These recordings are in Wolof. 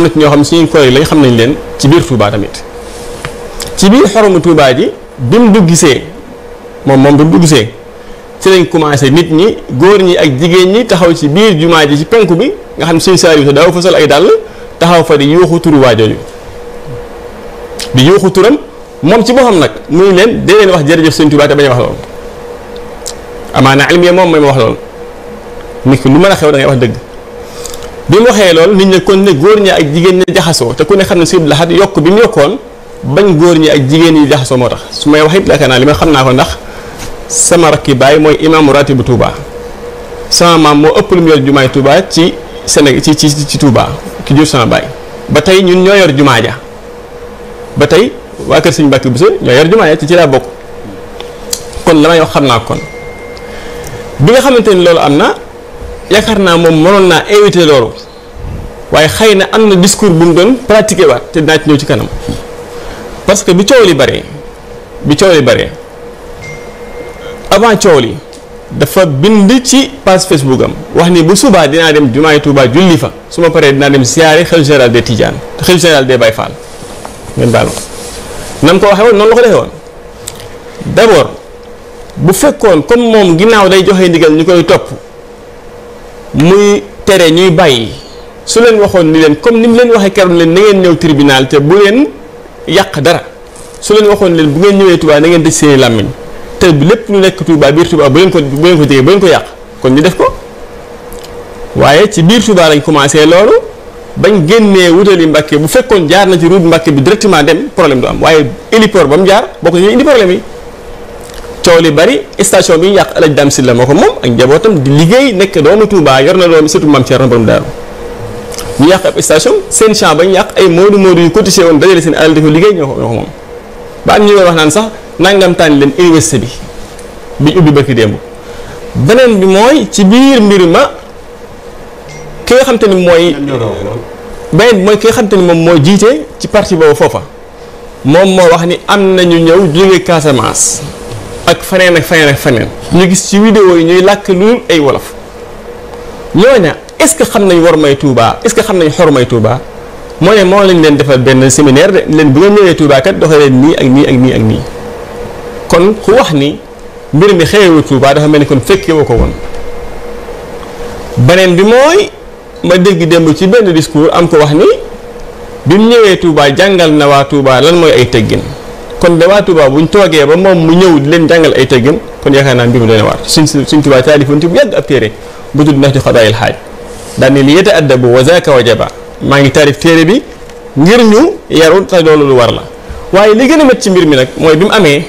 am na ñoo xam ne suñuy koy lañ xam nañ leen ci biir Touba tamit ci biir xoromu tuubaa ji bi mu dugg gisee moom moom bi mu dugg ci lañ commencé nit ñi góor ñi ak jigéen ñi taxaw ci biir jumaa ji ci penku bi nga xam ne suñu saar yi te daaw fa sol ay dàll taxaw fa di yuuxu turu waa jooju di yuuxu turam moom ci xam nag muy leen dee leen wax jërëjëf sëñ Touba te bañ a wax loolu amaana ilmiya moom mooy ma wax loolu nit ki lu mën a xew da wax dëgg. bi mu waxee loolu nit ñi kon ne góor ñi ak jigéen ñi jaxasoo te ku ne xam ne si Abdul Ahad yokk bi mu yokkoon bañ góor ñi ak jigéen ñi jaxasoo moo tax su may wax it yaakaar naa li ma xam naa ko ndax sama mooy imaamu ratibu Touba sama maam moo ëpp lu mu yor jumaay Touba ci Sénégal ci ci ci Touba ki jur sama baay tey ñun ñoo yor jumaa ja ba tey waa kër Sëriñ Mbàkke Buso ñoo yor jumaa laa bokk kon la may xam naa kon bi nga xamante ni loolu am na. yaakaar naa moom mënoon naa éviter loolu waaye xëy na am na discours bu mu doon pratiquer waat te dinaa ci ñëw ci kanam parce que bi coow li bare bi coow li bare avant coow li dafa bind ci page Facebook am wax ni bu subaa dinaa dem jumaay Tuubaa julli fa su ma paree dinaa dem siyaare xel général des Tidiane xel général des Baye Fall nam ko waxee woon noonu la ko defee woon d'abord bu fekkoon comme moom ginnaaw day joxe ndigal ñu koy topp. muy tere ñuy bàyyi su leen waxoon ni leen comme ni mu leen waxee keroon leen na ngeen ñëw tribunal te bu leen yàq dara su leen waxoon leen bu ngeen ñëwee Touba na ngeen dëj seeni làmmiñ te lépp lu nekk Touba biir Touba bu leen ko bu leen ko jege bu leen ko yàq kon ñu def ko waaye ci biir Touba lañ commencé loolu bañ génnee wutali Mbàkke bu fekkoon jaar na ci route Mbàkke bi directement dem problème du am waaye héliport ba mu jaar bokk nañu indi problème coow li bari station bi ñu yàq El Hadj Dame Sylla moo ko moom ak njabootam di liggéey nekk doomu tuubaa yor na doom surtout maam Thierno borom daaru ñu yàq ab station seen champ ba ñu yàq ay moodu moodu yu cotisé woon dajale seen alal di ko liggéey ñoo ko ñoo moom. ba am ñu wax naan sax nangam leen université bi bi ubbi bëkk démb beneen bi mooy ci biir mbir ma ki nga ni mooy. beneen bi mooy ki nga ni moom moo jiite ci partie boobu foofa moom moo wax ni am na ñu ñëw jóge ak faneen ak faneen ak faneen ñu gis ci vidéo yi ñuy làkk lu ay wolof ñooña est-ce que xam nañ war may Touba est-ce que xam nañ xor may Touba moo ne moo lañ leen defal benn séminaire de leen bu ngeen ñëwee Touba kat doxee leen nii ak nii ak nii ak nii kon ku wax ni mbir mi xewewu tuubaa dafa mel ni kon fekkee woo ko woon beneen bi mooy ma dégg démb ci benn discours am ko wax ni bi mu ñëwee Touba jàngal na waa Touba lan mooy ay teggin kon de waa Touba buñ toogee ba moom mu ñëw leen jàngal ay teggin kon yaakaar naa mbir mi dana waar suñ suñ Touba taalifoon ci bu yàgg ab téere bu tudd nax ci xadaayil xaaj daan ne li yeta addabu wa zaaka wajaba maa ngi taarif téere bi ngir ñu yaru te loolu lu war la waaye li gën a met ci mbir mi nag mooy bi mu amee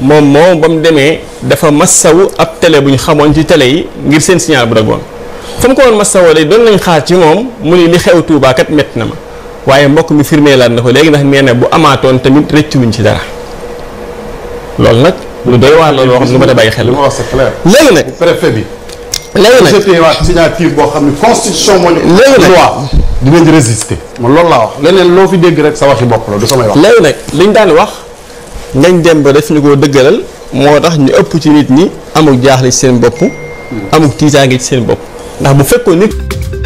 moom moom ba mu demee dafa massawu ab tele bu ñu xamoon ci télé yi ngir seen signal bu dagoon fa mu ko woon massawoo day doon lañ xaar ci moom mu ni li xew Touba kat métti na ma waaye mbokk mi firmee laat na ko léegi ndax nee na bu amaatoon tamit rëccuwuñ ci dara loolu nag lu doy waar la loo xam ne lu ma da bàyyi xel. li ma wax c'est clair. léegi nag préfet bi. léegi nag boo xam ne constitution moo ne. léegi nag loi dinañ résister. man loolu laa wax leneen loo fi dégg rek sa waxi bopp la du samay wax. léegi nag liñ daan wax ngañ dem ba def ñu ko dëggalal moo tax ñu ëpp ci nit ñi amul jaaxle ci seen bopp. amuk tiitaange ci seen bopp ndax bu fekkoon nit.